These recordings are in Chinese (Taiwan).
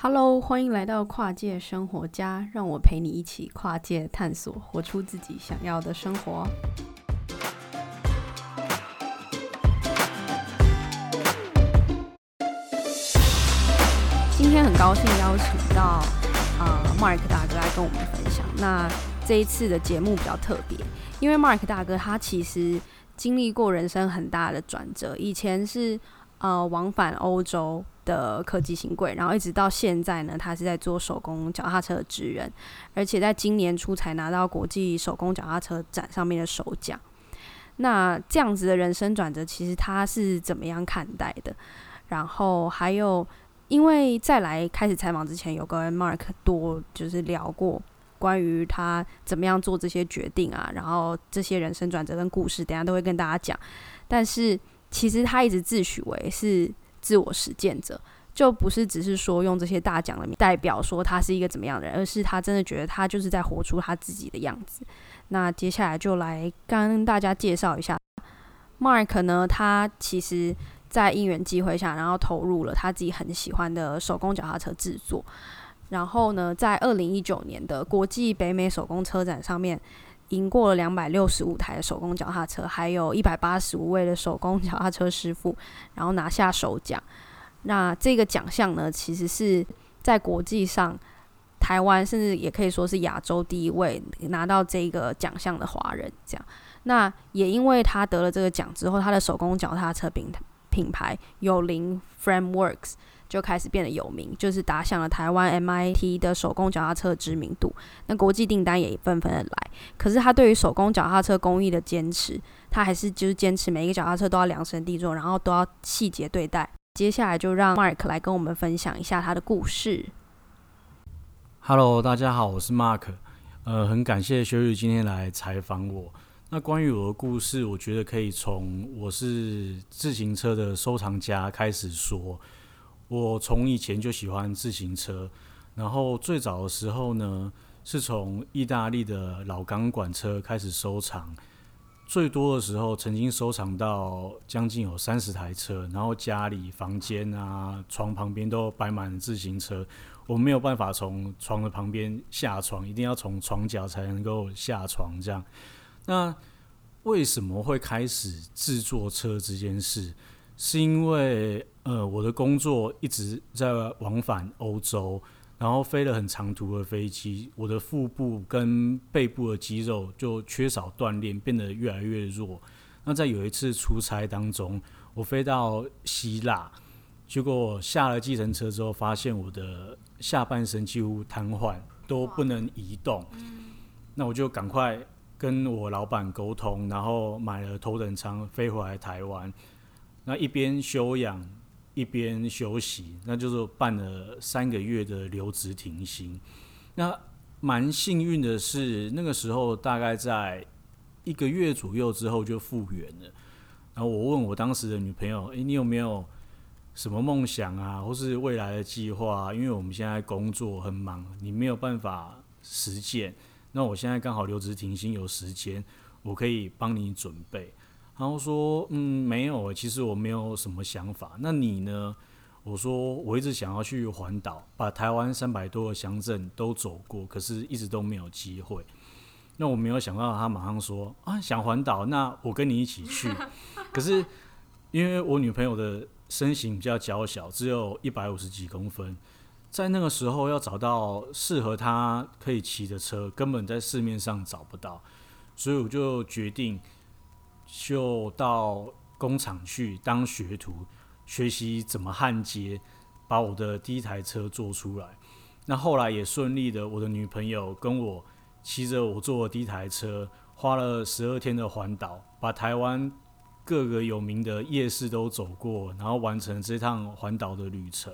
Hello，歡迎來到跨界生活家，讓我陪你一起跨界探索，活出自己想要的生活。今天很高興邀請到啊、呃、Marc 大哥來跟我們分享。那這一次的節目比較特別，因為 Marc 大哥他其實經歷過人生很大的轉折，以前是呃往返歐洲的科技新貴，然後一直到現在呢，他是在做手工腳踏車的職人，而且在今年初才拿到國際手工腳踏車展上面的首獎。那這樣子的人生轉折，其實他是怎麼樣看待的？然後還有，因為再來開始採訪之前，有跟 Mark 多就是聊過關於他怎麼樣做這些決定啊，然後這些人生轉折跟故事，等下都會跟大家講。但是其實他一直自詡為是。自我實踐者，就不是只是說用這些大獎的名，代表說他是一個怎麼樣的人，而是他真的覺得他就是在活出他自己的樣子。那接下來就來跟大家介紹一下，Marc 呢，他其實在因緣際會下，然後投入了他自己很喜歡的手工腳踏車制作。然後呢，在二零一九年的國際北美手工車展上面。贏過了兩百六十五台的手工腳踏車，還有一百八十五位的手工腳踏車師傅，然後拿下首獎。那這個獎項呢，其實是在國際上，台灣甚至也可以說是亞洲第一位拿到這個獎項的華人。這樣，那也因為他得了這個獎之後，他的手工腳踏車品品牌 ioklin frameworks。就開始變得有名，就是打響了台灣 MIT 的手工腳踏車知名度。那國際訂單也紛紛份的來，可是他對於手工腳踏車工藝的堅持，他還是就是堅持每一個腳踏車都要量身定做，然後都要細節對待。接下來就讓 Marc 來跟我們分享一下他的故事。Hello，大家好，我是 Marc，呃，很感謝 Sherry 今天來採訪我。那關於我的故事，我覺得可以從我是自行車的收藏家開始說。我從以前就喜歡自行車，然後最早的時候呢，是從意大利的老鋼管車開始收藏。最多的時候，曾經收藏到將近有三十台車，然後家裡房間啊、床旁邊都擺滿了自行車。我沒有辦法從床的旁邊下床，一定要從床腳才能夠下床。這樣，那為什麼會開始製作車這件事？是因為呃，我的工作一直在往返歐洲，然後飛了很長途的飛機，我的腹部跟背部的肌肉就缺少鍛鍊，變得越來越弱。那在有一次出差當中，我飛到希臘，結果我下了計程車之後，發現我的下半身幾乎癱瘓，都不能移動。嗯、那我就趕快跟我老闆溝通，然後買了頭等艙飛回來台灣。那一邊休養，一邊休息，那就是辦了三個月的留職停薪。那蠻幸運的是，那個時候大概在一個月左右之後就復原了。然後我問我當時的女朋友：“誒、欸，你有沒有什麼夢想啊，或是未來的計劃啊？因為我們現在工作很忙，你沒有辦法實踐。那我現在剛好留職停薪，有時間，我可以幫你準備。”然後說，嗯，沒有，其實我沒有什麼想法。那你呢？我說我一直想要去環島，把台灣三百多個鄉鎮都走過，可是一直都沒有機會。那我沒有想到，他馬上說啊，想環島，那我跟你一起去。可是因為我女朋友的身形比較嬌小，只有一百五十幾公分，在那個時候要找到適合她可以騎的車，根本在市面上找不到，所以我就決定。就到工廠去當學徒，學習怎麼焊接，把我的第一台車做出來。那後來也順利的，我的女朋友跟我騎着我做的第一台車，花了十二天的環島，把台灣各個有名的夜市都走過，然後完成這趟環島的旅程。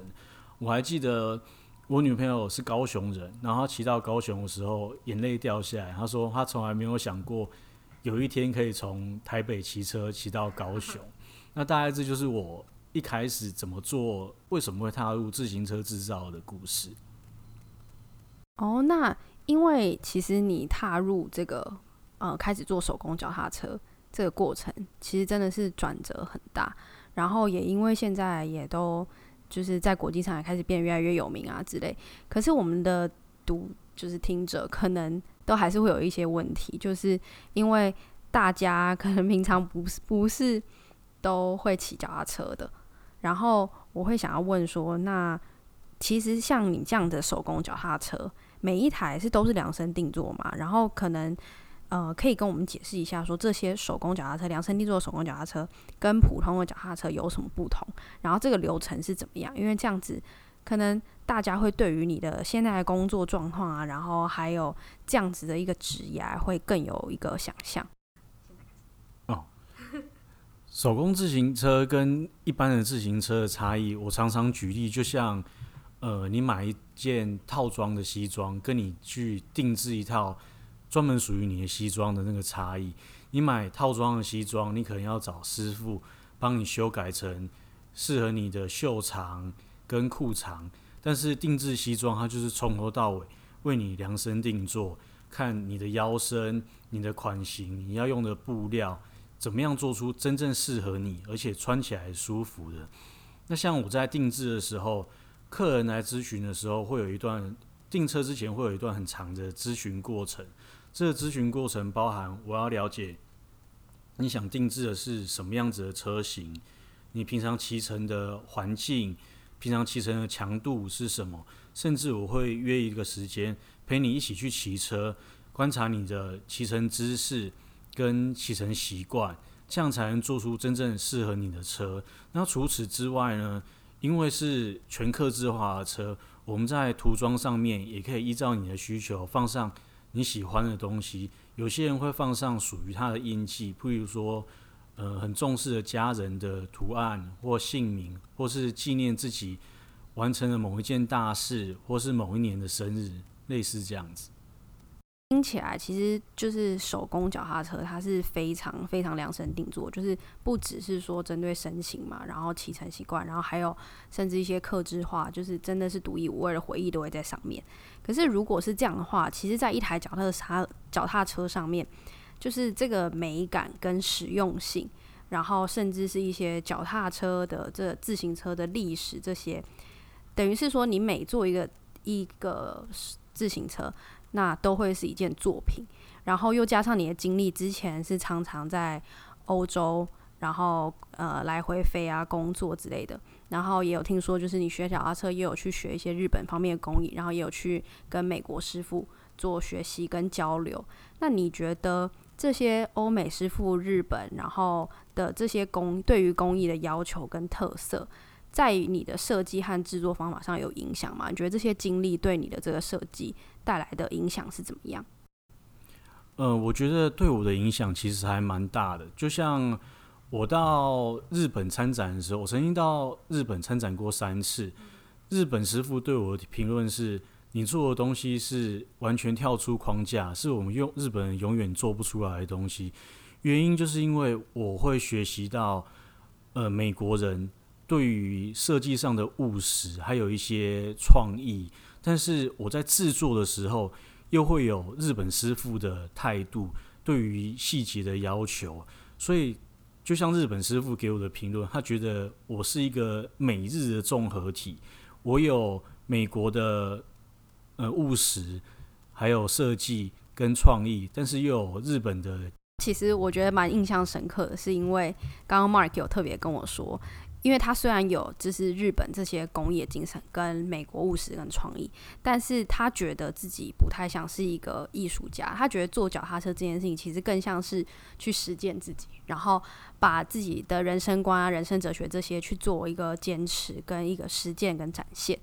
我還記得我女朋友是高雄人，然後她騎到高雄的時候，眼淚掉下來。她說她從來沒有想過。有一天可以從台北騎車騎到高雄。那大概這就是我一開始怎麼做、為什麼會踏入自行車製造的故事。哦，那因為其實你踏入這個，呃，開始做手工腳踏車這個過程，其實真的是轉折很大。然後也因為現在也都就是在國際上也開始變得越來越有名啊之類。可是我們的讀就是聽者可能，都還是會有一些問題，就是因為大家可能平常不是不是都會騎腳踏車的。然後我會想要問說，那其實像你這樣的手工腳踏車，每一台是都是量身定做嘛？然後可能呃，可以跟我們解釋一下說，說這些手工腳踏車，量身定做的手工腳踏車跟普通的腳踏車有什麼不同？然後這個流程是怎麼樣？因為這樣子可能。大家會對於你的現在的工作狀況啊，然後還有這樣子的一個職業，會更有一個想象。哦，手工自行車跟一般的自行車的差異，我常常舉例，就像呃，你買一件套裝的西裝，跟你去定制一套專門屬於你的西裝的那個差異。你買套裝的西裝，你可能要找師傅幫你修改成適合你的袖長跟褲長。但是定製西裝，它就是從頭到尾為你量身定做，看你的腰身、你的款型、你要用的布料，怎麼樣做出真正適合你，而且穿起來舒服的。那像我在定製的時候，客人來諮詢的時候，會有一段訂車之前會有一段很長的諮詢過程。這個諮詢過程包含我要了解你想定製的是什麼樣子的車型，你平常騎乘的環境，平常騎乘的強度是什麼？甚至我會約一個時間陪你一起去騎車，觀察你的騎乘姿勢跟騎乘習慣，這樣才能做出真正適合你的車。那除此之外呢？因為是全客制化的車，我們在塗裝上面也可以依照你的需求放上你喜歡的東西。有些人會放上屬於他的印記，譬如說，呃，很重視的家人的圖案或姓名，或是紀念自己完成了某一件大事，或是某一年的生日，類似這樣子。聽起來，其實就是手工腳踏車，它是非常非常量身定做，就是不只是說針對身形嘛，然後騎乘習慣，然後還有甚至一些客制化，就是真的是獨一無二的回憶都會在上面。可是如果是這樣的話，其實，在一台腳踏車、腳踏車上面。就是這個美感跟實用性，然後甚至是一些腳踏車的這自行車的歷史，這些等於是說你每做一個一個自行車，那都會是一件作品。然後又加上你的經歷，之前是常常在歐洲，然後呃來回飛啊工作之類的。然後也有聽說，就是你學腳踏車，也有去學一些日本方面的工藝，然後也有去跟美國師傅做學習跟交流。那你覺得？這些歐美師傅、日本，然後的這些工對於工藝的要求跟特色，在你的設計和製作方法上有影響嗎？你覺得這些經歷對你的這個設計帶來的影響是怎麼樣？呃，我覺得對我的影響其實還蠻大的。就像我到日本參展的時候，我曾經到日本參展過三次，日本師傅對我的評論是。你做的東西是完全跳出框架，是我們用日本人永遠做不出來的東西。原因就是因為我會學習到，呃，美國人對於設計上的務實，還有一些創意。但是我在製作的時候，又會有日本師傅的態度，對於細節的要求。所以，就像日本師傅給我的評論，他覺得我是一個美日的綜合體。我有美國的。呃，務實，還有設計跟創意，但是又有日本的。其實我覺得蠻印象深刻的，是因為剛剛 Marc 有特別跟我說，因為他雖然有就是日本這些工業精神跟美國務實跟創意，但是他覺得自己不太像是一個藝術家，他覺得做腳踏車這件事情其實更像是去實踐自己，然後把自己的人生觀啊、人生哲學這些去做一個堅持跟一個實踐跟展現。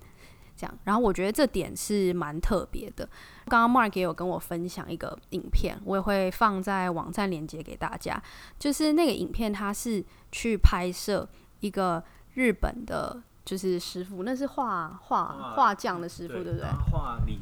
然後我覺得這點是蠻特別的。剛剛 Marc 也有跟我分享一個影片，我也會放在網站鏈接給大家。就是那個影片，他是去拍攝一個日本的，就是師傅，那是畫畫畫匠的師傅，畫，對，對不對？他畫鯉魚，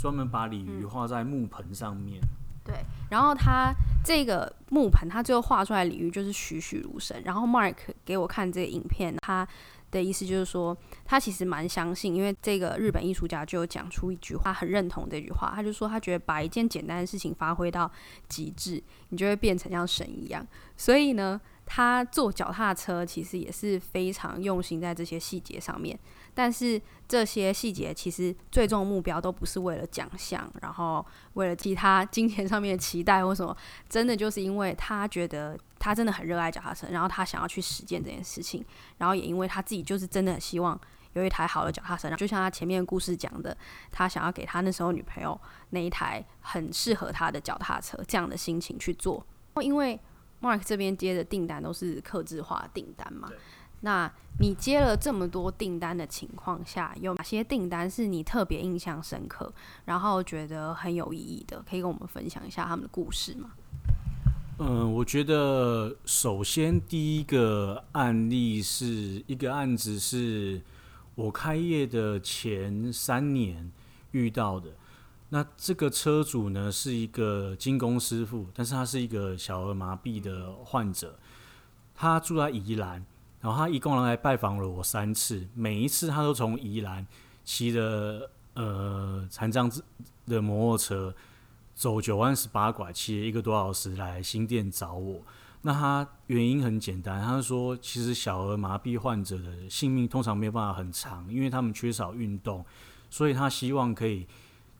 專門把鯉魚畫在木盆上面。對，然後他。這個木盆，他最後畫出來的鯉魚就是栩栩如生。然後 Mark 給我看這個影片，他的意思就是說，他其實蠻相信，因為這個日本藝術家就有講出一句話，很認同這句話。他就說，他覺得把一件簡單的事情發揮到極致，你就會變成像神一樣。所以呢，他做腳踏車其實也是非常用心在這些細節上面。但是這些細節其實最終目標都不是為了獎項，然後為了其他金錢上面的期待或什麼，真的就是因為他覺得他真的很熱愛腳踏車，然後他想要去實踐這件事情，然後也因為他自己就是真的很希望有一台好的腳踏車，然後就像他前面故事講的，他想要給他那時候女朋友那一台很適合他的腳踏車，這樣的心情去做。因為 Marc 這邊接的訂單都是客製化訂單嘛。那你接了這麼多訂單的情況下，有哪些訂單是你特別印象深刻，然後覺得很有意義的？可以跟我們分享一下他們的故事嗎？嗯、呃，我覺得首先第一個案例是一個案子，是我開業的前三年遇到的。那這個車主呢，是一個金工師傅，但是他是一個小兒麻痹的患者，他住在宜蘭。然後他一共來拜訪了我三次，每一次他都從宜蘭騎着呃殘障的摩托車，走九彎十八拐，騎了一個多小時來新店找我。那他原因很簡單，他說其實小兒麻痹患者的性命通常沒有辦法很長，因為他們缺少運動，所以他希望可以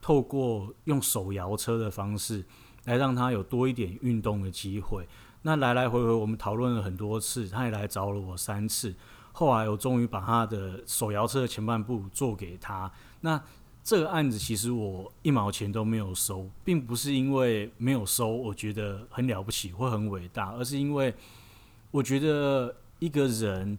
透過用手搖車的方式，來讓他有多一點運動的機會。那來來回回我們討論了很多次，他也來找了我三次。後來我終於把他的手搖車的前半部做給他。那這個案子其實我一毛錢都沒有收，並不是因為沒有收，我覺得很了不起，或很偉大，而是因為我覺得一個人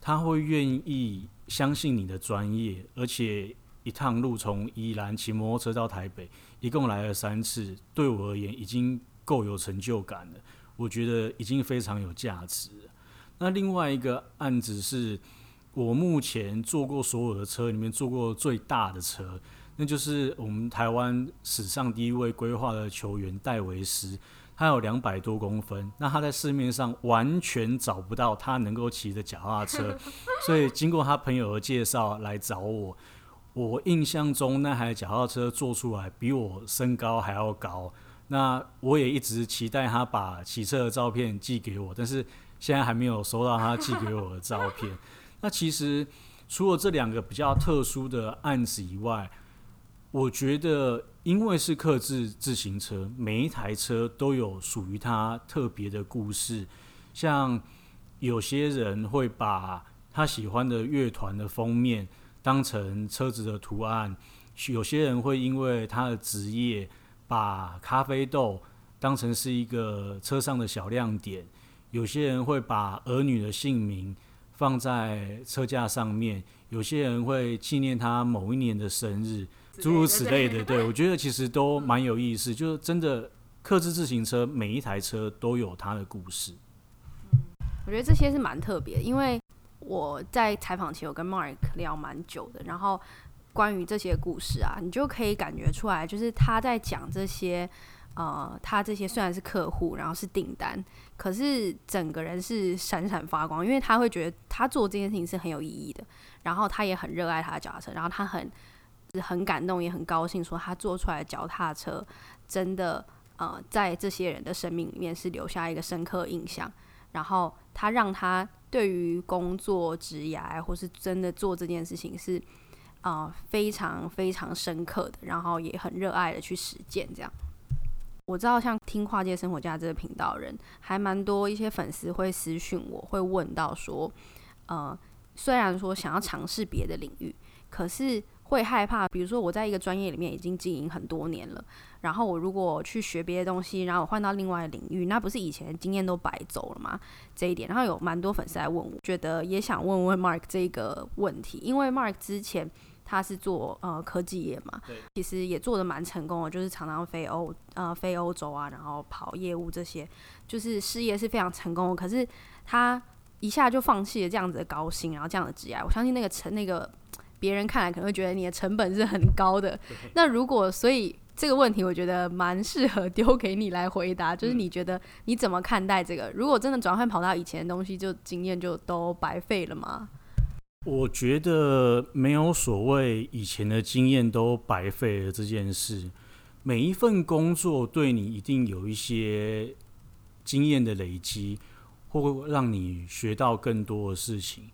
他會願意相信你的專業，而且一趟路從宜蘭騎摩托車到台北，一共來了三次，對我而言已經夠有成就感了。我覺得已經非常有價值。那另外一個案子是我目前做過所有的車裡面做過最大的車，那就是我們台灣史上第一位歸化的球員戴維斯，他有兩百多公分，那他在市面上完全找不到他能夠騎的腳踏車，所以經過他朋友的介紹來找我。我印象中那台腳踏車做出來比我身高還要高。那我也一直期待他把騎車的照片寄給我，但是現在還沒有收到他寄給我的照片。 那其實除了這兩個比較特殊的案子以外，我覺得因為是客製自行車，每一台車都有屬於他特別的故事。像有些人會把他喜歡的樂團的封面當成車子的圖案，有些人會因為他的職業。把咖啡豆當成是一個車上的小亮點，有些人會把兒女的姓名放在車架上面，有些人會紀念他某一年的生日，諸如此類的。對，對，對，對，我覺得其實都蠻有意思， 就是真的，客製自行車，每一台車都有它的故事。我覺得這些是蠻特別，因為我在採訪前我跟 Marc 聊蠻久的，然後。關於這些故事啊，你就可以感覺出來，就是他在講這些，呃，他這些雖然是客戶，然後是訂單，可是整個人是閃閃發光，因為他會覺得他做這件事情是很有意義的，然後他也很熱愛他的腳踏車，然後他很很感動，也很高興，說他做出來的腳踏車真的呃，在這些人的生命裡面是留下一個深刻印象，然後他讓他對於工作、職涯或是真的做這件事情是。啊、呃，非常非常深刻的，然後也很熱愛的去實踐。這樣，我知道像聽跨界生活家這個頻道人還蠻多，一些粉絲會私訊我，會問到說，呃，雖然說想要嘗試別的領域，可是會害怕，比如說我在一個專業裡面已經經營很多年了，然後我如果去學別的東西，然後我換到另外的領域，那不是以前經驗都白走了嗎？這一點，然後有蠻多粉絲來問我，覺得也想問問 Marc 這個問題，因為 Marc 之前。他是做呃，科技業嘛，對其實也做得蠻成功的，就是常常飛歐，呃，飛歐洲啊，然後跑業務這些，就是事業是非常成功的。可是他一下就放棄了這樣子的高薪，然後這樣的職涯，我相信那個成那個別人看來可能會覺得你的成本是很高的。對那如果所以這個問題，我覺得蠻適合丟給你來回答，就是你覺得你怎麼看待這個？嗯、如果真的轉換跑道，以前的東西就經驗就都白費了嘛。我覺得沒有所謂以前的經驗都白費了這件事。每一份工作對你一定有一些經驗的累積，或會讓你學到更多的事情。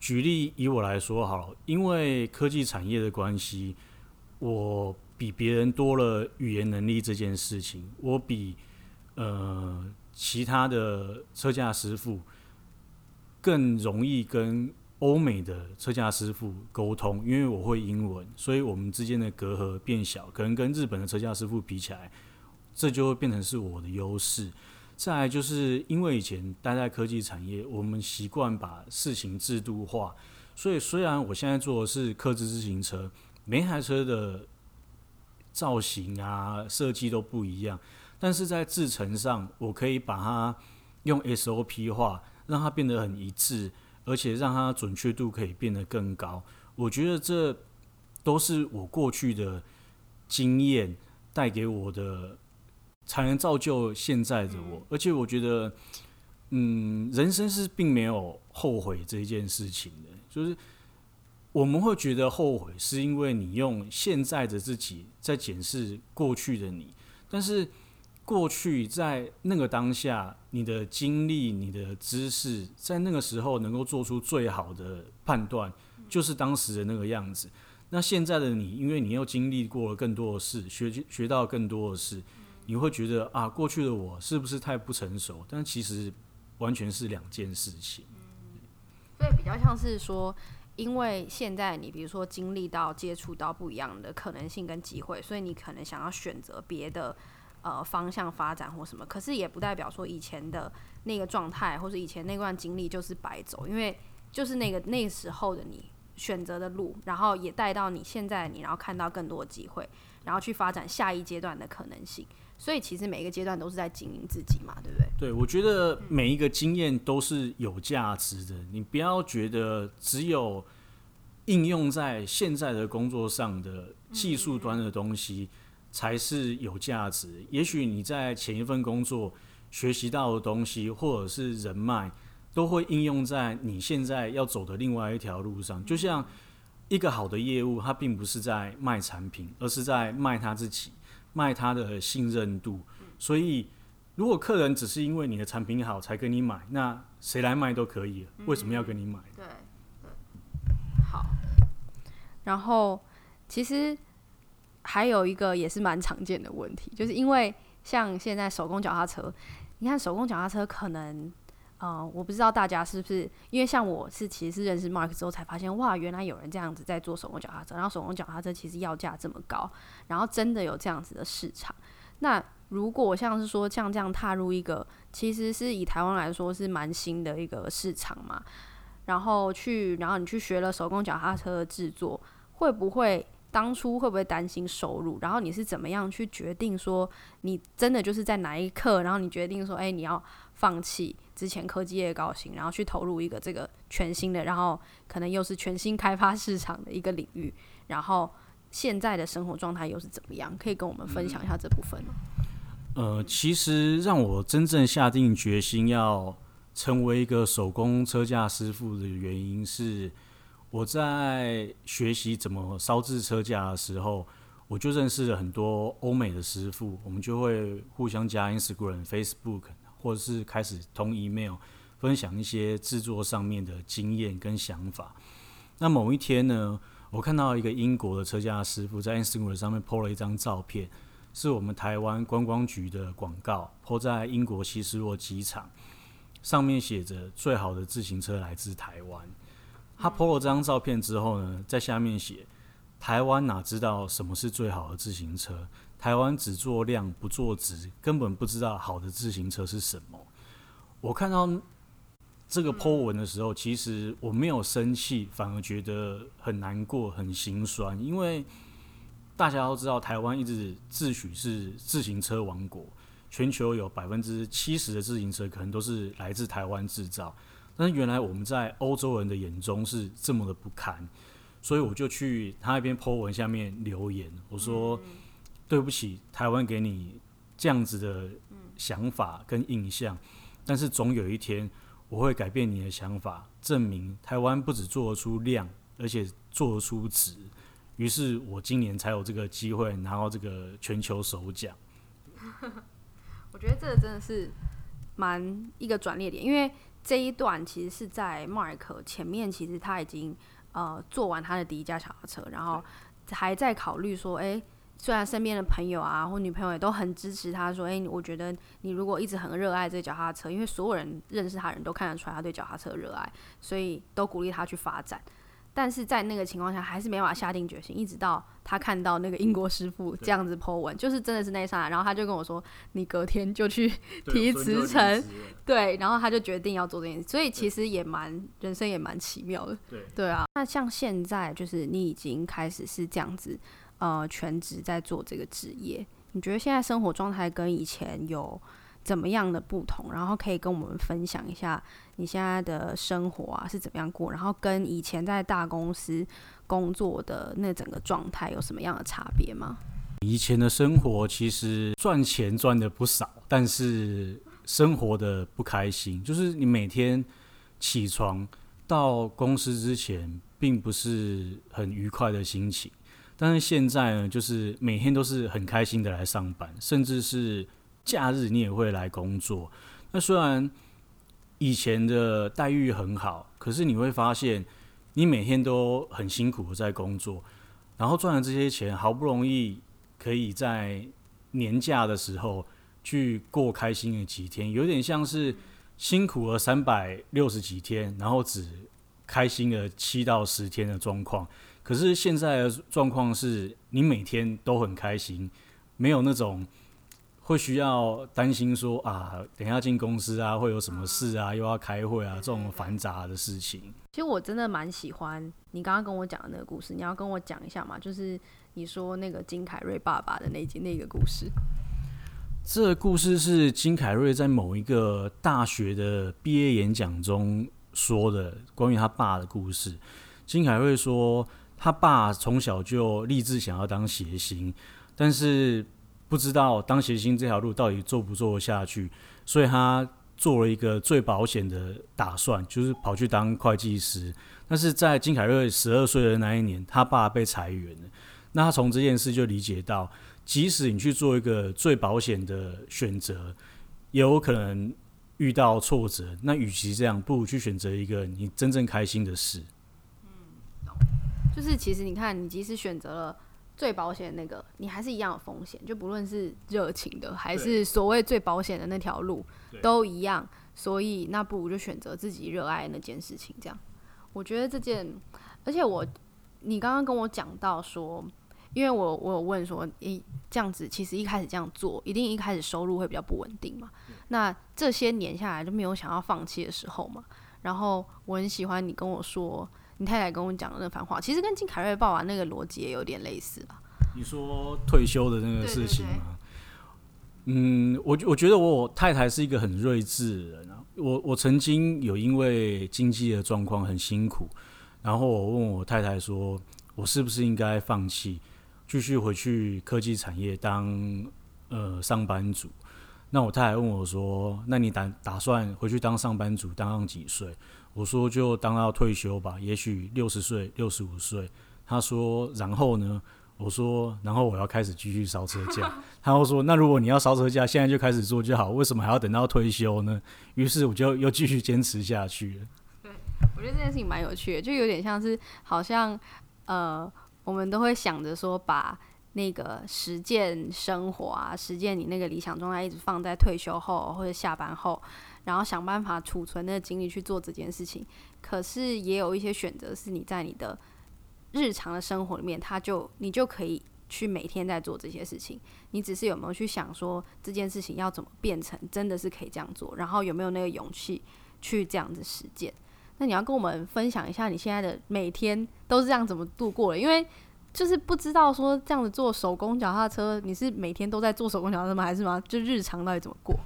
舉例以我來說好了，因為科技產業的關係，我比別人多了語言能力這件事情。我比呃其他的車架師傅更容易跟。歐美的車架師傅溝通，因為我會英文，所以我們之間的隔閡變小。可能跟日本的車架師傅比起來，這就會變成是我的優勢。再來就是因為以前待在科技產業，我們習慣把事情制度化，所以雖然我現在做的是客制自行車，每台車的造型啊、設計都不一樣，但是在製程上，我可以把它用 SOP 化，讓它變得很一致。而且讓它準確度可以變得更高，我覺得這都是我過去的經驗帶給我的，才能造就現在的我。而且我覺得，嗯，人生是並沒有後悔這件事情的，就是我們會覺得後悔，是因為你用現在的自己在檢視過去的你，但是。過去在那個當下，你的經歷、你的知識，在那個時候能夠做出最好的判斷，就是當時的那個樣子。那現在的你，因為你又經歷過了更多的事，學學到更多的事，你會覺得啊，過去的我是不是太不成熟？但其實完全是兩件事情。對，所以比較像是說，因為現在你比如說經歷到接觸到不一樣的可能性跟機會，所以你可能想要選擇別的。呃，方向發展或什麼，可是也不代表說以前的那個狀態或者以前那段經歷就是白走，因為就是那個那時候的你選擇的路，然後也帶到你現在你，然後看到更多機會，然後去發展下一階段的可能性。所以其實每一個階段都是在經營自己嘛，對不對？對，我覺得每一個經驗都是有價值的，嗯、你不要覺得只有應用在現在的工作上的技術端的東西。嗯嗯才是有價值。也許你在前一份工作學習到的東西，或者是人脈，都會應用在你現在要走的另外一條路上。嗯、就像一個好的業務，它並不是在賣產品，而是在賣他自己，賣他的信任度。嗯、所以，如果客人只是因為你的產品好才跟你買，那誰來賣都可以，嗯、哼為什麼要跟你買？對，好。然後，其實。還有一個也是蠻常見的問題，就是因為像現在手工腳踏車，你看手工腳踏車可能，呃，我不知道大家是不是，因為像我是其實是認識 Marc 之後才發現，哇，原來有人這樣子在做手工腳踏車，然後手工腳踏車其實要價這麼高，然後真的有這樣子的市場。那如果像是說像這樣踏入一個，其實是以台灣來說是蠻新的一個市場嘛，然後去，然後你去學了手工腳踏車的製作，會不會？當初會不會擔心收入？然後你是怎麼樣去決定說，你真的就是在哪一刻，然後你決定說，哎、欸，你要放棄之前科技業的高薪，然後去投入一個這個全新的，然後可能又是全新開發市場的一個領域。然後現在的生活狀態又是怎麼樣？可以跟我們分享一下這部分嗎、嗯？呃，其實讓我真正下定決心要成為一個手工車架師傅的原因是，我在學習怎麼燒製車架的時候，我就認識了很多歐美的師傅，我們就會互相加 Instagram、Facebook，或者是開始通 email，分享一些製作上面的經驗跟想法。那某一天呢，我看到一個英國的車架師傅在 Instagram 上面 po 了一張照片，是我們台灣觀光局的廣告，po 在英國希斯洛機場，上面寫着“最好的自行車來自台灣”。他 PO 了這張照片之後呢，在下面寫：“台灣哪知道什麼是最好的自行車？台灣只做量不做質，根本不知道好的自行車是什麼。”我看到這個 PO 文的時候，其實我沒有生氣，反而覺得很難過、很心酸，因為大家都知道台灣一直自詡是自行車王國，全球有百分之七十的自行車可能都是來自台灣製造。但是原來我們在歐洲人的眼中是這麼的不堪，所以我就去他那邊 po 文下面留言，我說，嗯嗯、對不起，台灣給你這樣子的想法跟印象，嗯、但是總有一天我會改變你的想法，證明台灣不只做得出量，而且做得出值。於是我今年才有這個機會拿到這個全球首獎。我覺得這個真的是蠻一個轉捩點，因為。這一段其實是在 Marc 前面，其實他已經呃做完他的第一架腳踏車，然後還在考慮說，誒、欸，雖然身邊的朋友啊或女朋友也都很支持他，說，誒、欸，我覺得你如果一直很熱愛這腳踏車，因為所有人認識他人都看得出來他對腳踏車熱愛，所以都鼓勵他去發展。但是在那個情況下還是沒辦法下定決心，一直到他看到那個英國師傅這樣子 po 文，嗯、就是真的是那一剎那，然後他就跟我說：“你隔天就去提辭呈’，對,對，然後他就決定要做這件事，所以其實也蠻對人生也蠻奇妙的。對，對啊。對那像現在就是你已經開始是這樣子，呃，全職在做這個職業，你覺得現在生活狀態跟以前有怎麼樣的不同？然後可以跟我們分享一下。你現在的生活啊，是怎麼樣過？然後跟以前在大公司工作的那整個狀態有什麼樣的差別嗎？以前的生活其實賺錢賺的不少，但是生活的不開心，就是你每天起床到公司之前並不是很愉快的心情。但是現在呢，就是每天都是很開心的來上班，甚至是假日你也會來工作。那雖然。以前的待遇很好，可是你會發現，你每天都很辛苦的在工作，然後賺了這些錢，好不容易可以在年假的時候去過開心的幾天，有點像是辛苦了三百六十幾天，然後只開心了七到十天的狀況。可是現在的狀況是，你每天都很開心，沒有那種。會需要擔心說啊，等下進公司啊，會有什麼事啊，又要開會啊，這種繁雜的事情。其實我真的蠻喜歡你剛剛跟我講的那個故事，你要跟我講一下嘛，就是你說那個金凱瑞爸爸的那集那個故事。這個故事是金凱瑞在某一個大學的畢業演講中說的，關於他爸的故事。金凱瑞說他爸從小就立志想要當諧星，但是。不知道當諧星這條路到底做不做下去，所以他做了一個最保險的打算，就是跑去當會計師。但是在金凱瑞十二歲的那一年，他爸被裁員了。那他從這件事就理解到，即使你去做一個最保險的選擇，也有可能遇到挫折。那與其這樣，不如去選擇一個你真正開心的事。嗯，就是其實你看，你即使選擇了。最保險那個，你還是一樣有風險，就不論是熱情的還是所謂最保險的那條路，對都一樣。所以那不如就選擇自己熱愛的那件事情。這樣，我覺得這件，而且我，你剛剛跟我講到說，因為我我有問說，一這樣子其實一開始這樣做，一定一開始收入會比較不穩定嘛。嗯、那這些年下來就沒有想要放棄的時候嘛。然後我很喜歡你跟我說。你太太跟我講的那番話，其實跟金凱瑞爆完、啊、那個邏輯也有點類似吧，你說退休的那個事情嗎？對對對對。嗯，我我覺得我太太是一個很睿智的人啊。我我曾經有因為經濟的狀況很辛苦，然後我問我太太說，我是不是應該放棄，繼續回去科技產業當呃上班族？那我太太問我說，那你打打算回去當上班族當上幾歲？我說就當到退休吧，也許六十歲、六十五歲。他說：“然後呢？”我說：“然後我要開始繼續燒車架。” 他又說：“那如果你要燒車架，現在就開始做就好，為什麼還要等到退休呢？”於是我就又繼續堅持下去了。對，我覺得這件事情蠻有趣的，就有點像是好像呃，我們都會想着說把。那個實踐生活啊，實踐你那個理想狀態，一直放在退休後或者下班後，然後想辦法儲存那個精力去做這件事情。可是也有一些選擇，是你在你的日常的生活裡面，他就你就可以去每天在做這些事情。你只是有沒有去想說這件事情要怎麼變成真的是可以這樣做？然後有沒有那個勇氣去這樣子實踐？那你要跟我們分享一下你現在的每天都是這樣怎麼度過的？因為。就是不知道說這樣子做手工腳踏車，你是每天都在做手工腳踏車嗎？還是什麼？就日常到底怎麼過？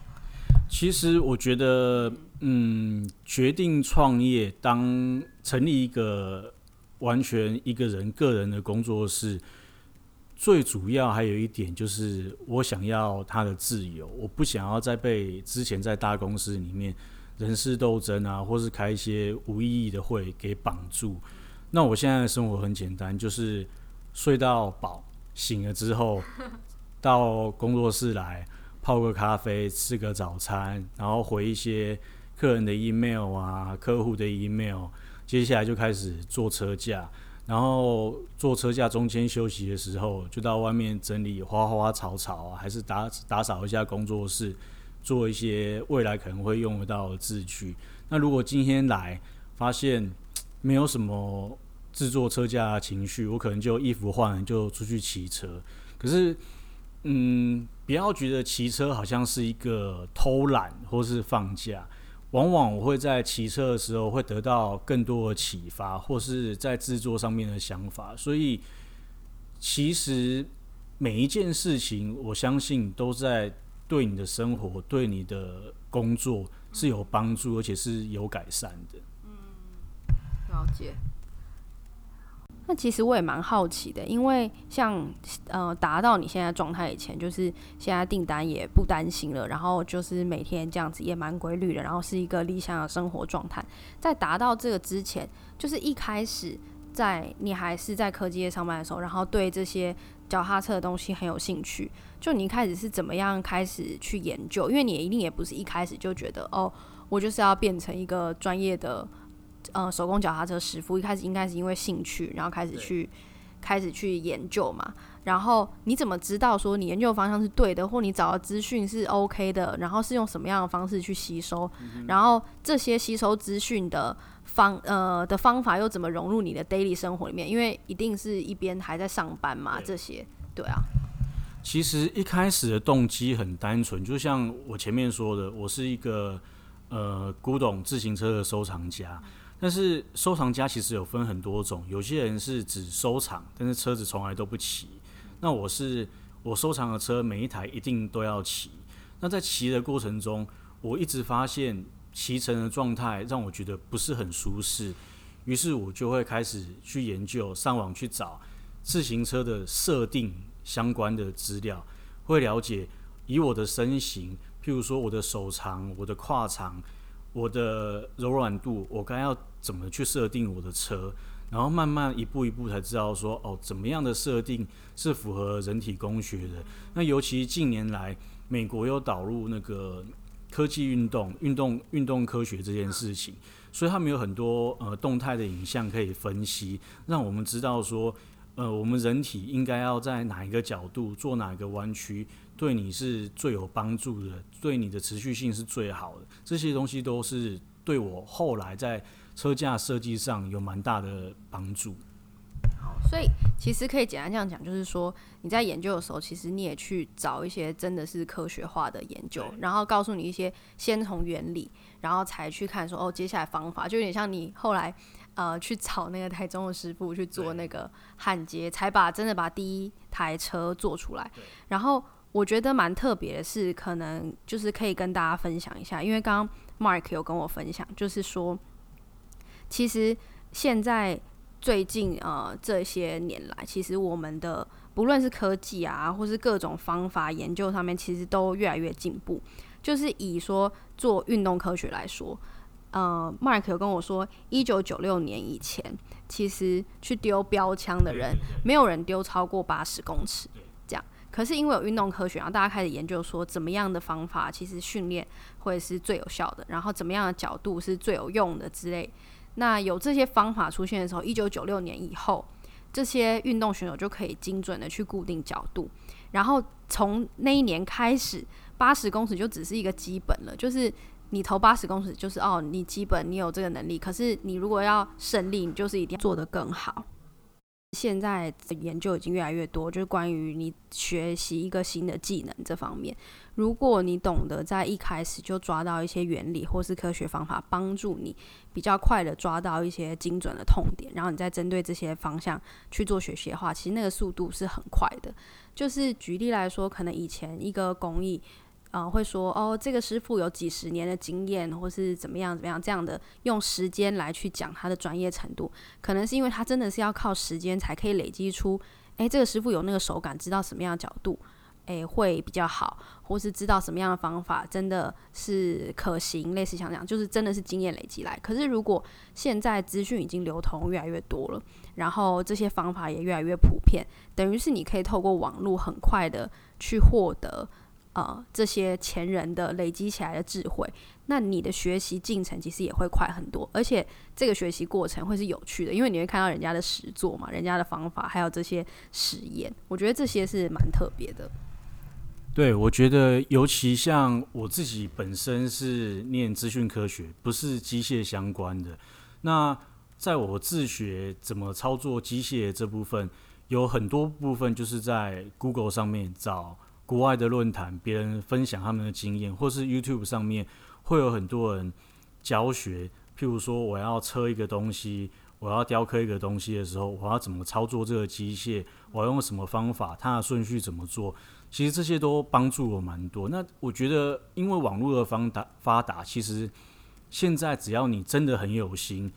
其實我覺得，嗯，決定創業，當成立一個完全一個人個人的工作室，最主要還有一點就是我想要他的自由，我不想要再被之前在大公司裡面人事鬥爭啊，或是開一些無意義的會給綁住。那我現在的生活很簡單，就是。睡到飽，醒了之後到工作室來泡個咖啡，吃個早餐，然後回一些客人的 email 啊、客戶的 email，接下來就開始做車架，然後做車架中間休息的時候，就到外面整理花花草草啊，還是打打掃一下工作室，做一些未來可能會用得到的治具。那如果今天來發現沒有什麼。製作車架的情緒，我可能就衣服換了就出去騎車。可是，嗯，不要覺得騎車好像是一個偷懶或是放假。往往我會在騎車的時候會得到更多的啟發，或是在製作上面的想法。所以，其實每一件事情，我相信都在對你的生活、對你的工作是有幫助，嗯、而且是有改善的。嗯，了解。那其實我也蠻好奇的，因為像呃達到你現在狀態以前，就是現在訂單也不擔心了，然後就是每天這樣子也蠻規律的，然後是一個理想的生活狀態。在達到這個之前，就是一開始在你還是在科技業上班的時候，然後對這些腳踏車的東西很有興趣。就你一開始是怎麼樣開始去研究？因為你也一定也不是一開始就覺得哦，我就是要變成一個專業的。呃，手工腳踏車師傅一開始應該是因為興趣，然後開始去對開始去研究嘛。然後你怎麼知道說你研究的方向是對的，或你找到資訊是 OK 的？然後是用什麼樣的方式去吸收？嗯、哼然後這些吸收資訊的方呃的方法又怎麼融入你的 daily 生活裡面？因為一定是一邊還在上班嘛，對這些對啊。其實一開始的動機很單純，就像我前面說的，我是一個呃古董自行車的收藏家。但是收藏家其實有分很多種，有些人是只收藏，但是車子從來都不騎。那我是我收藏的車，每一台一定都要騎。那在騎的過程中，我一直發現騎乘的狀態讓我覺得不是很舒適，於是我就會開始去研究，上網去找自行車的設定相關的資料，會了解以我的身形，譬如說我的手長、我的胯長、我的柔軟度，我該要怎麼去設定我的車，然後慢慢一步一步才知道說哦，怎麼樣的設定是符合人體工學的。那尤其近年來，美國又導入那個科技運動、運動運動科學這件事情，所以他們有很多呃動態的影像可以分析，讓我們知道說，呃，我們人體應該要在哪一個角度做哪個彎曲，對你是最有幫助的，對你的持續性是最好的。這些東西都是對我後來在車架設計上有蠻大的幫助。所以其實可以簡單這樣講，就是說你在研究的時候，其實你也去找一些真的是科學化的研究，然後告訴你一些先從原理，然後才去看說哦，接下來方法就有點像你後來呃去找那個台中的師傅去做那個焊接，才把真的把第一台車做出來。然後我覺得蠻特別的是，可能就是可以跟大家分享一下，因為剛剛 Mark 有跟我分享，就是說。其實現在最近呃這些年來，其實我們的不論是科技啊，或是各種方法研究上面，其實都越來越進步。就是以說做運動科學來說，呃 Marc 有跟我說，一九九六年以前，其實去丟標槍的人，沒有人丟超過八十公尺這樣。可是因為有運動科學然後大家開始研究說，怎麼樣的方法其實訓練會是最有效的，然後怎麼樣的角度是最有用的之類。那有這些方法出現的時候，一九九六年以後，這些運動選手就可以精準的去固定角度。然後從那一年開始，八十公尺就只是一個基本了，就是你投八十公尺，就是哦，你基本你有這個能力。可是你如果要勝利，你就是一定要做得更好。現在的研究已經越來越多，就是關於你學習一個新的技能這方面。如果你懂得在一開始就抓到一些原理或是科學方法，幫助你比較快的抓到一些精準的痛點，然後你再針對這些方向去做學習的話，其實那個速度是很快的。就是舉例來說，可能以前一個工藝。啊、呃，會說哦，這個師傅有幾十年的經驗，或是怎麼樣怎麼樣這樣的，用時間來去講他的專業程度，可能是因為他真的是要靠時間才可以累積出，哎，這個師傅有那個手感，知道什麼樣的角度，誒，會比較好，或是知道什麼樣的方法真的是可行，類似像這樣，就是真的是經驗累積來。可是如果現在資訊已經流通越來越多了，然後這些方法也越來越普遍，等於是你可以透過網絡很快的去獲得。啊、呃，這些前人的累積起來的智慧，那你的學習進程其實也會快很多，而且這個學習過程會是有趣的，因為你會看到人家的實作嘛，人家的方法，還有這些實驗，我覺得這些是蠻特別的。對，我覺得尤其像我自己本身是念資訊科學，不是機械相關的，那在我自學怎麼操作機械這部分，有很多部分就是在 Google 上面找。國外的論壇，別人分享他們的經驗，或是 YouTube 上面會有很多人教學。譬如說，我要車一個東西，我要雕刻一個東西的時候，我要怎麼操作這個機械？我要用什麼方法？它的順序怎麼做？其實這些都幫助我蠻多。那我覺得，因為網絡的發達，發達其實現在只要你真的很有心，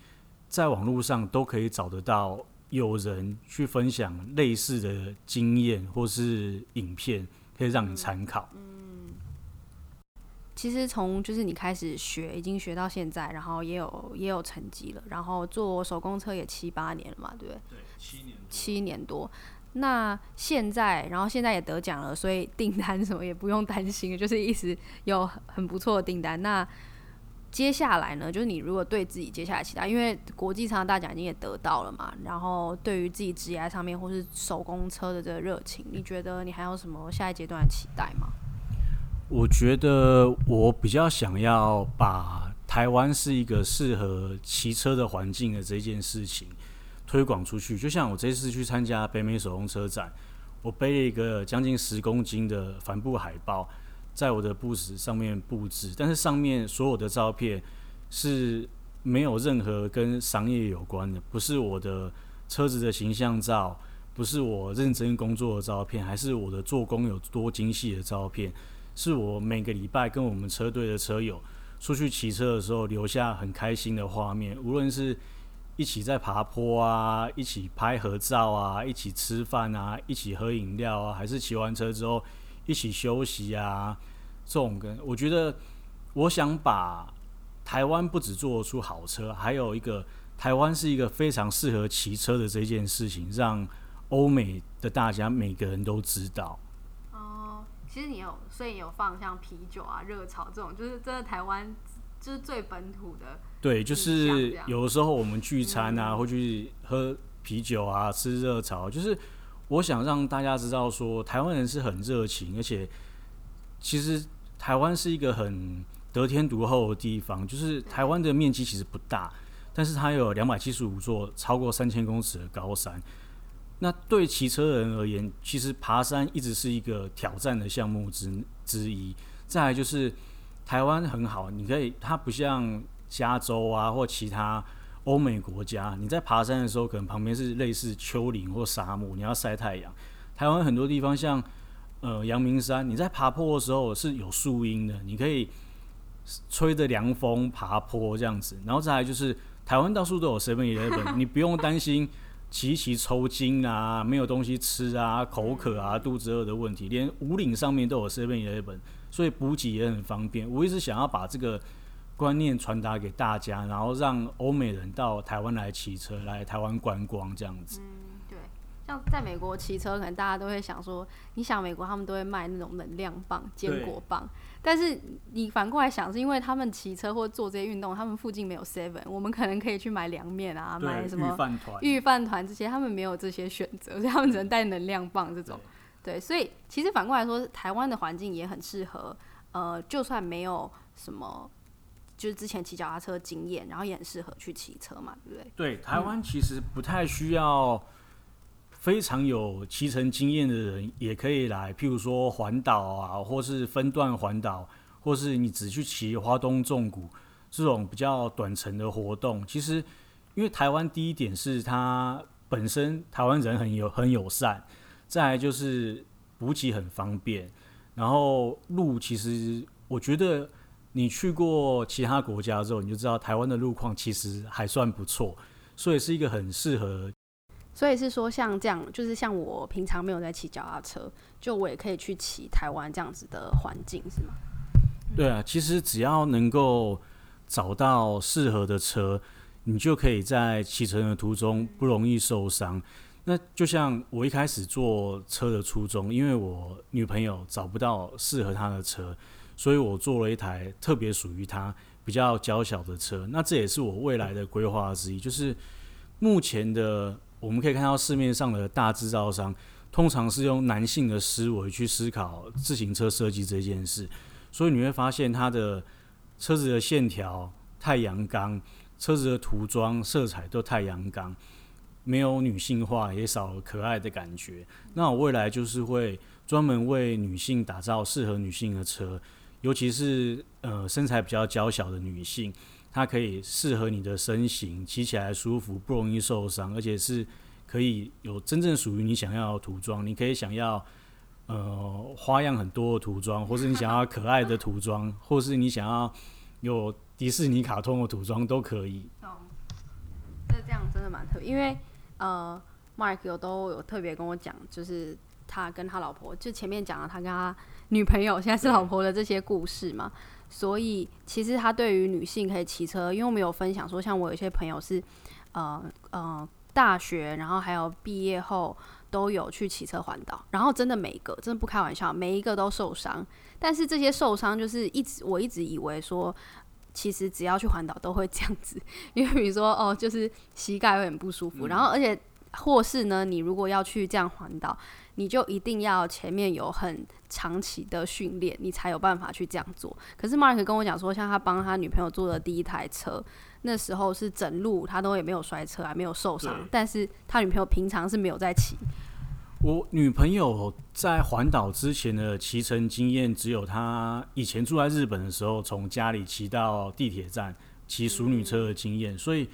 在網絡上都可以找得到有人去分享類似的經驗或是影片。可以讓你參考嗯。嗯，其實從就是你開始學，已經學到現在，然後也有也有成績了，然後做手工車也七八年了嘛，對不對？對，七年七年多。那現在，然後現在也得獎了，所以訂單什麼也不用擔心，就是一直有很不錯的訂單。那接下來呢，就是你如果對自己接下來期待，因為國際上的大獎你也得到了嘛，然後對於自己職業上面或是手工車的這個熱情，你覺得你還有什麼下一階段的期待嗎？我覺得我比較想要把台灣是一個適合騎車的環境的這件事情推廣出去。就像我這次去參加北美手工車展，我背了一個將近十公斤的帆布海報。在我的佈置上面佈置，但是上面所有的照片是沒有任何跟商業有關的，不是我的車子的形象照，不是我認真工作的照片，還是我的做工有多精細的照片，是我每個禮拜跟我們車隊的車友出去騎車的時候留下很開心的畫面，無論是一起在爬坡啊，一起拍合照啊，一起吃飯啊，一起喝飲料啊，還是騎完車之後。一起休息啊，這種跟我覺得，我想把台灣不只做出好車，還有一個台灣是一個非常適合騎車的這件事情，讓歐美的大家每個人都知道。哦，其實你有，所以你有放像啤酒啊、熱炒這種，就是真的台灣就是最本土的。對，就是有的時候我們聚餐啊，嗯嗯，或去喝啤酒啊，吃熱炒，就是。我想讓大家知道說，說台灣人是很熱情，而且其實台灣是一個很得天獨厚的地方。就是台灣的面積其實不大，但是它有兩百七十五座超過三千公尺的高山。那對騎車人而言，其實爬山一直是一個挑戰的項目之之一。再來就是台灣很好，你可以，它不像加州啊或其他。歐美國家，你在爬山的時候，可能旁邊是類似丘陵或沙漠，你要曬太陽。台灣很多地方像呃陽明山，你在爬坡的時候是有樹蔭的，你可以吹着涼風爬坡這樣子。然後再來就是，台灣到處都有 seven eleven， 你不用擔心極其抽筋啊、沒有東西吃啊、口渴啊、肚子餓的問題，連武嶺上面都有 seven eleven。11, 所以補給也很方便。我一直想要把這個。觀念傳達給大家，然後讓歐美人到台灣來騎車、來台灣觀光這樣子、嗯。對。像在美國騎車，可能大家都會想說，你想美國他們都會賣那種能量棒、堅果棒，對但是你反過來想，是因為他們騎車或做這些運動，他們附近沒有 Seven，我們可能可以去買涼面啊，對買什麼飯糰、御飯團這些，他們沒有這些選擇，所以他們只能帶能量棒這種。對,對，所以其實反過來說，台灣的環境也很適合。呃，就算沒有什麼。就是之前騎腳踏車經驗，然後也很適合去騎車嘛，對不對？對，台灣其實不太需要非常有騎乘經驗的人，也可以來。譬如說環島啊，或是分段環島，或是你只去騎花東縱谷這種比較短程的活動。其實，因為台灣第一點是它本身台灣人很友很友善，再來就是補給很方便，然後路其實我覺得。你去過其他國家之後，你就知道台灣的路況其實還算不錯，所以是一個很適合的。所以是說，像這樣，就是像我平常沒有在騎腳踏車，就我也可以去騎台灣這樣子的環境，是嗎？對啊，其實只要能夠找到適合的車，你就可以在騎乘的途中不容易受傷。嗯，那就像我一開始做車的初衷，因為我女朋友找不到適合她的車。所以我做了一台特別屬於她比較嬌小的車，那這也是我未來的規劃之一。就是目前的，我們可以看到市面上的大制造商，通常是用男性的思維去思考自行車設計這件事，所以你會發現它的車子的線條、太陽剛，車子的塗裝色彩都太陽剛，沒有女性化，也少了可愛的感覺。那我未來就是會專門為女性打造適合女性的車。尤其是呃身材比較嬌小的女性，她可以適合你的身形，騎起來舒服，不容易受傷，而且是可以有真正屬於你想要的塗裝。你可以想要呃花樣很多的塗裝，或是你想要可愛的塗裝， 或是你想要有迪士尼卡通的塗裝都可以。哦，這，這樣真的蠻特別，因為呃，Mark 有都有特別跟我講，就是他跟他老婆就前面講了，他跟他。女朋友現在是老婆的這些故事嘛，嗯、所以其實他對於女性可以騎車，因為我們有分享說，像我有些朋友是，呃呃，大學，然後還有畢業後都有去騎車環島，然後真的每一個真的不開玩笑，每一個都受傷，但是這些受傷就是一直我一直以為說，其實只要去環島都會這樣子，因為比如說哦，就是膝蓋有點不舒服，嗯、然後而且或是呢，你如果要去這樣環島。你就一定要前面有很長期的訓練，你才有辦法去這樣做。可是馬克跟我講說，像他幫他女朋友做的第一台車，那時候是整路，他都也沒有摔車還、啊、沒有受傷。對但是他女朋友平常是沒有在騎。我女朋友在環島之前的騎乘經驗，只有她以前住在日本的時候，從家裡騎到地鐵站騎淑女車的經驗，嗯、所以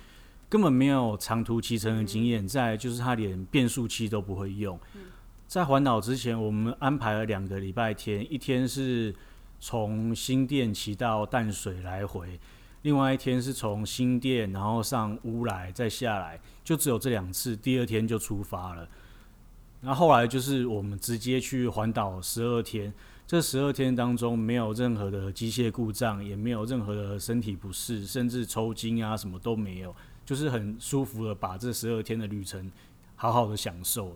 根本沒有長途騎乘的經驗。再、嗯、就是他連變速器都不會用。嗯在環島之前，我們安排了兩個禮拜天，一天是從新店騎到淡水來回，另外一天是從新店然後上烏來再下來，就只有這兩次。第二天就出發了。那後來就是我們直接去環島十二天，這十二天當中沒有任何的機械故障，也沒有任何的身體不適，甚至抽筋啊什麼都沒有，就是很舒服的把這十二天的旅程好好的享受了。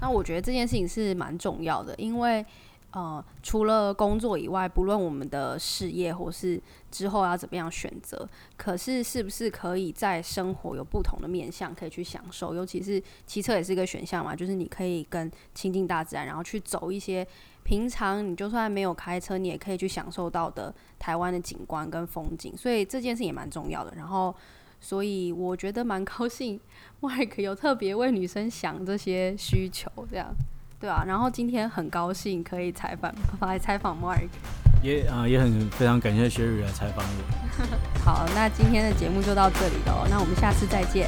那我覺得這件事情是蠻重要的，因為呃，除了工作以外，不論我們的事業或是之後要怎麼樣選擇，可是是不是可以在生活有不同的面向可以去享受？尤其是騎車也是一個選項嘛，就是你可以跟親近大自然，然後去走一些平常你就算沒有開車，你也可以去享受到的台灣的景觀跟風景。所以這件事也蠻重要的，然後。所以我覺得蠻高興，Mark 有特別為女生想這些需求，這樣，對啊，然後今天很高興可以採訪，來採訪 Mark。也啊、呃，也很非常感謝雪羽來採訪我。 好，那今天的節目就到這裡了，那我們下次再見。